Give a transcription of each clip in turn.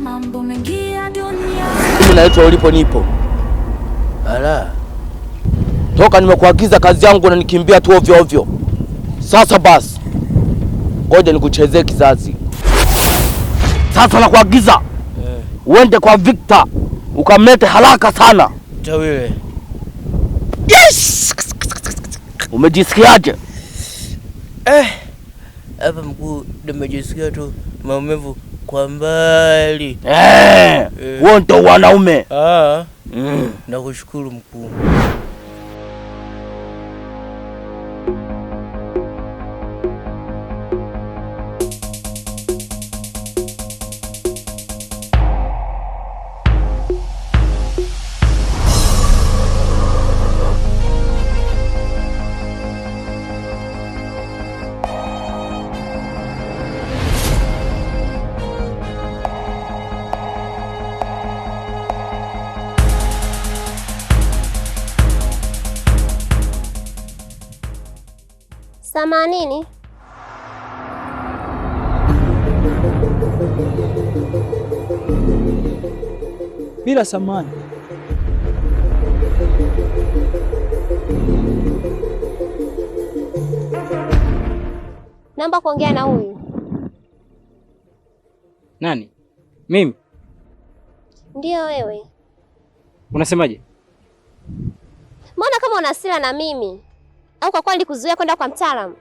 mambo mengi ya dunia. Mimi naitwa ulipo nipo. Ala. Toka nimekuagiza kazi yangu na nikimbia tu ovyo ovyo. Sasa basi. Ngoja nikuchezee kizazi. Sasa nakuagiza eh, uende kwa Victor ukamlete haraka sana. Tawile. Yes! Umejisikiaje? Eh. Hapa mkuu, nimejisikia tu maumivu kwa mbali. Hey, eh, hey. Wao wanaume. Ah. Mm. Nakushukuru mkuu. Themanini. Bila samani. Naomba kuongea na huyu. Nani? Mimi? Ndiyo wewe. Unasemaje? Mbona kama una hasira na mimi? au kwa kuwa nilikuzuia kwenda kwa mtaalamu?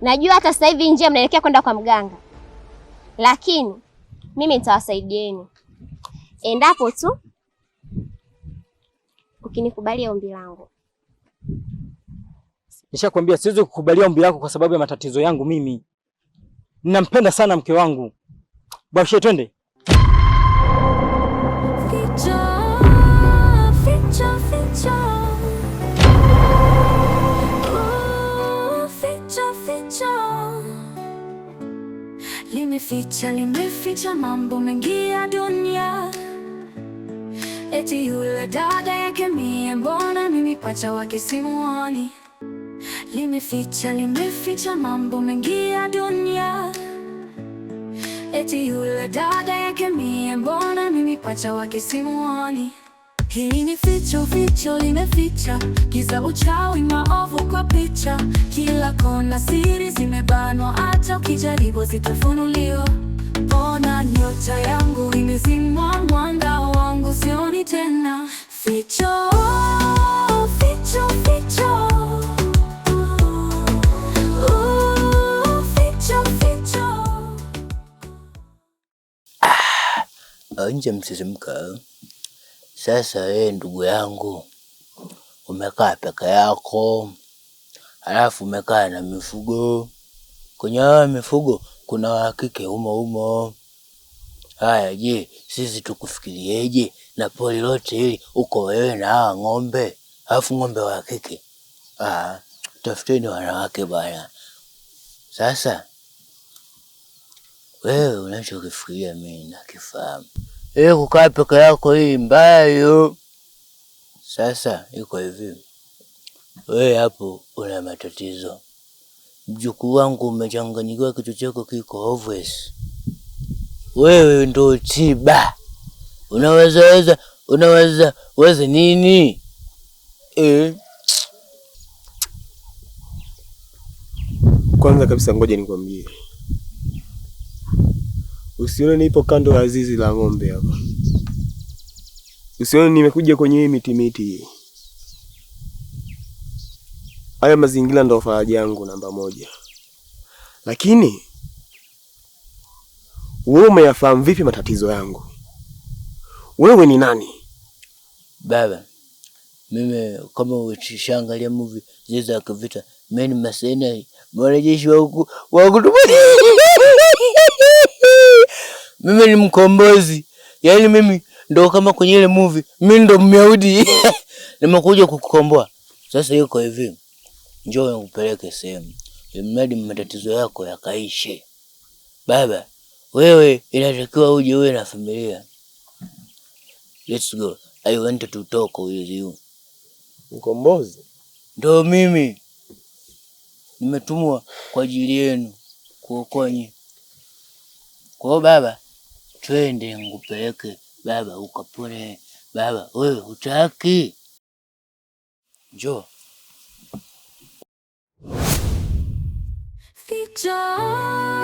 Najua hata sasa hivi nje mnaelekea kwenda kwa mganga, lakini mimi nitawasaidieni endapo tu ukinikubalia ombi langu. Nishakwambia siwezi kukubalia ombi lako kwa sababu ya matatizo yangu mimi. Ninampenda sana mke wangu. bashe twende. Oh, limeficha, limeficha mambo mengi ya dunia. Eti yule dada yake mie, mbona mimi pacha wake simuoni? limeficha limeficha mambo mengi ya dunia. Eti yule dada yake mie, mbona mimi pacha wake simuoni? Hii ni ficho ficho limeficha kiza, uchawi, maovu kwa picha. Kila kona siri zimebanwa, hata ukijaribu zitafunuliwa. Ona nyota yangu imezimwa, mwanga wangu sioni tena. Ficho ficho ficho nje msisimka. Sasa we ndugu yangu, umekaa peke yako, halafu umekaa na mifugo. Kwenye hawa mifugo kuna wakike umo umo. Haya, je, sisi tukufikirieje na poli lote hili? Uko wewe na hawa ng'ombe, alafu ng'ombe wakike kike. Ah, tafuteni wanawake bwana. Sasa wewe unachokifikiria mimi nakifahamu. Hii kukaa peke yako hii mbayo sasa iko hivi, wewe hapo una matatizo mjukuu wangu, umechanganyikiwa, kitu chako kiko obvious. Wewe ndo tiba, unawezaweza unaweza weza nini eh? Kwanza kabisa ngoja nikwambie Usione nipo kando ya zizi la ng'ombe hapa. Usione nimekuja kwenye hii miti miti hii. Haya mazingira ndio faraja yangu namba moja, lakini wewe umeyafahamu vipi matatizo yangu? Wewe ni nani baba? Mimi kama ukishangalia movie zizi za kivita, mimi ni masenai mwanajeshi wa huku wa kutumia mimi ni mkombozi, yaani mimi ndo kama kwenye ile movie, mimi ndo Myahudi nimekuja kukukomboa. Sasa yuko hivi, njoo nikupeleke sehemu, imradi matatizo yako yakaishe. Baba wewe, inatakiwa uje uwe na familia. Let's go. I want to talk with you. Mkombozi ndo mimi, nimetumwa kwa ajili yenu kuokonye kwao Kwa baba twende ngupeke baba ukapone. Baba wewe utaki? njoo Ficha.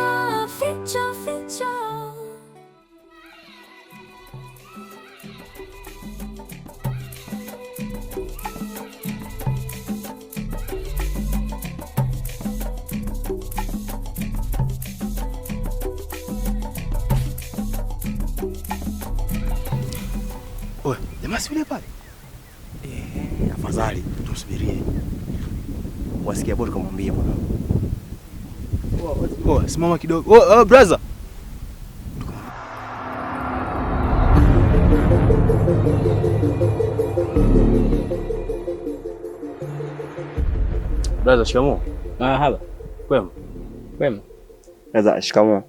Oye, jamaa si yule pale? Eh, afadhali tumsubirie. Wasikia bora kumwambia bwana. Oh, simama kidogo. Oh, oh brother. Brother, shikamoo. Ah, haba. Kwema. Kwema. Brother, shikamoo.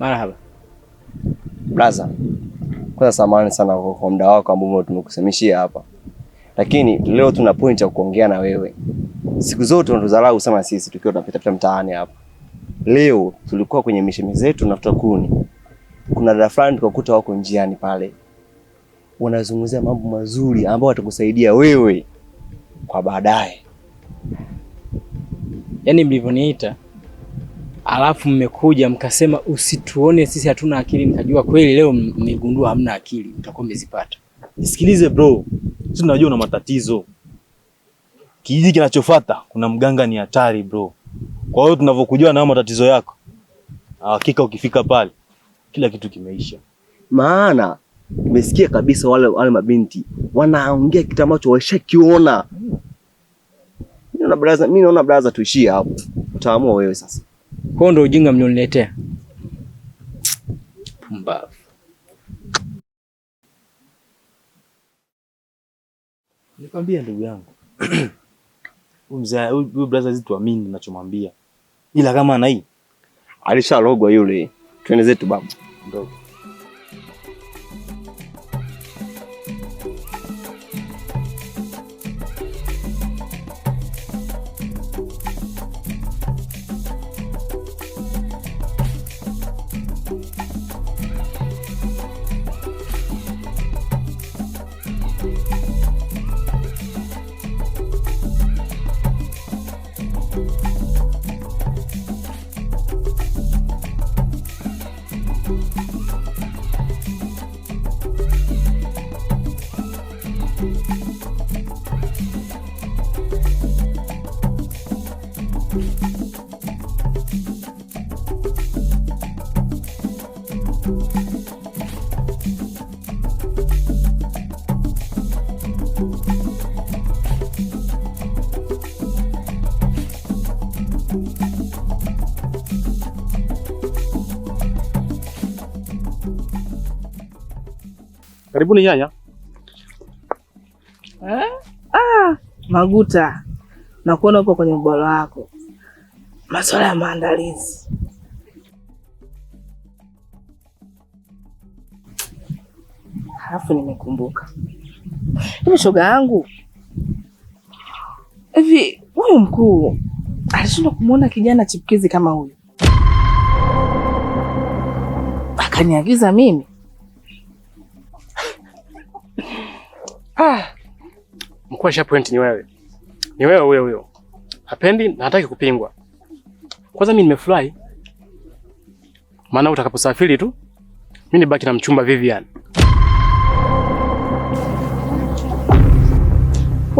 Marhaba. Brother. Kwanza samahani sana kwa muda wako ambao tumekusemeshia hapa, lakini leo tuna point ya kuongea na wewe. Siku zote unatudharau sana sisi tukiwa tunapita pita mtaani hapa. Leo tulikuwa kwenye mishemi zetu na tutakuni, kuna dada fulani tukakuta wako njiani pale, wanazungumzia mambo mazuri ambayo watakusaidia wewe kwa baadaye. Yaani mlivyoniita alafu mmekuja mkasema usituone sisi hatuna akili, nikajua kweli leo mmegundua hamna akili, utakuwa umezipata. Nisikilize bro, sisi tunajua una matatizo. Kijiji kinachofuata kuna mganga ni hatari bro, kwa hiyo tunavyokujua na matatizo yako, hakika ukifika pale kila kitu kimeisha, maana umesikia kabisa wale, wale mabinti wanaongea kitu ambacho washakiona. Mimi naona mimi naona brother, tuishie hapo, utaamua wewe sasa. Huo ndio ujinga mlioniletea. Pumbavu. Nikwambia ndugu yangu. Mzee huyu brother zetu tuamini ninachomwambia. Ila kama ana hii alishalogwa yule. Twende zetu babu. Ndogo. Karibuni nyanya. Eh? Ah, Maguta, nakuona uko kwenye mbolo wako. Masuala ya maandalizi Alafu nimekumbuka. Hivi shoga yangu, hivi huyu mkuu alishindwa kumwona kijana chipukizi kama huyu, akaniagiza mimi ah. Mkuasha point ni wewe, ni wewe huyo huyo, hapendi na hataki kupingwa. Kwanza mi nimefurahi, maana utakaposafiri tu mi nibaki na mchumba Vivian.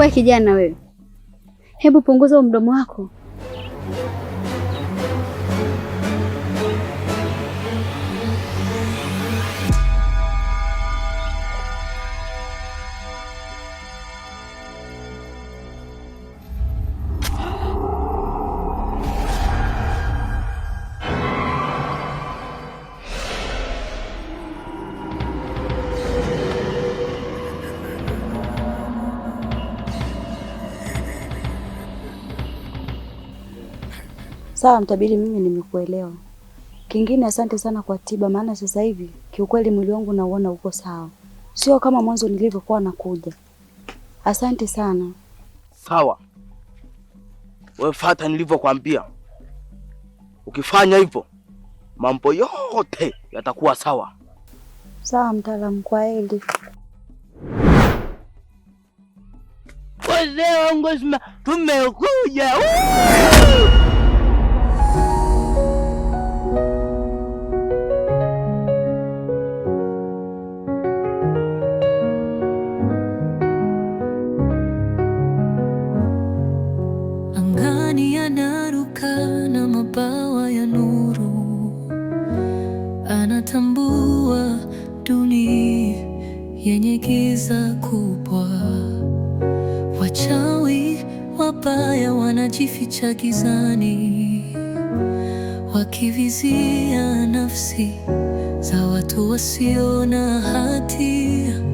We kijana wewe, hebu punguza mdomo wako, Sawa mtabiri, mimi nimekuelewa. Kingine asante sana kwa tiba, maana sasa hivi kiukweli mwili wangu nauona uko sawa, sio kama mwanzo nilivyokuwa nakuja. Asante sana. Sawa, wewe fata nilivyokwambia. Ukifanya hivyo mambo yote yatakuwa sawa. Sawa mtaalamu, kwa heri. Wazee wangu, tumekuja Natambua duni yenye giza kubwa, wachawi wabaya wanajificha gizani, wakivizia nafsi za watu wasio na hatia.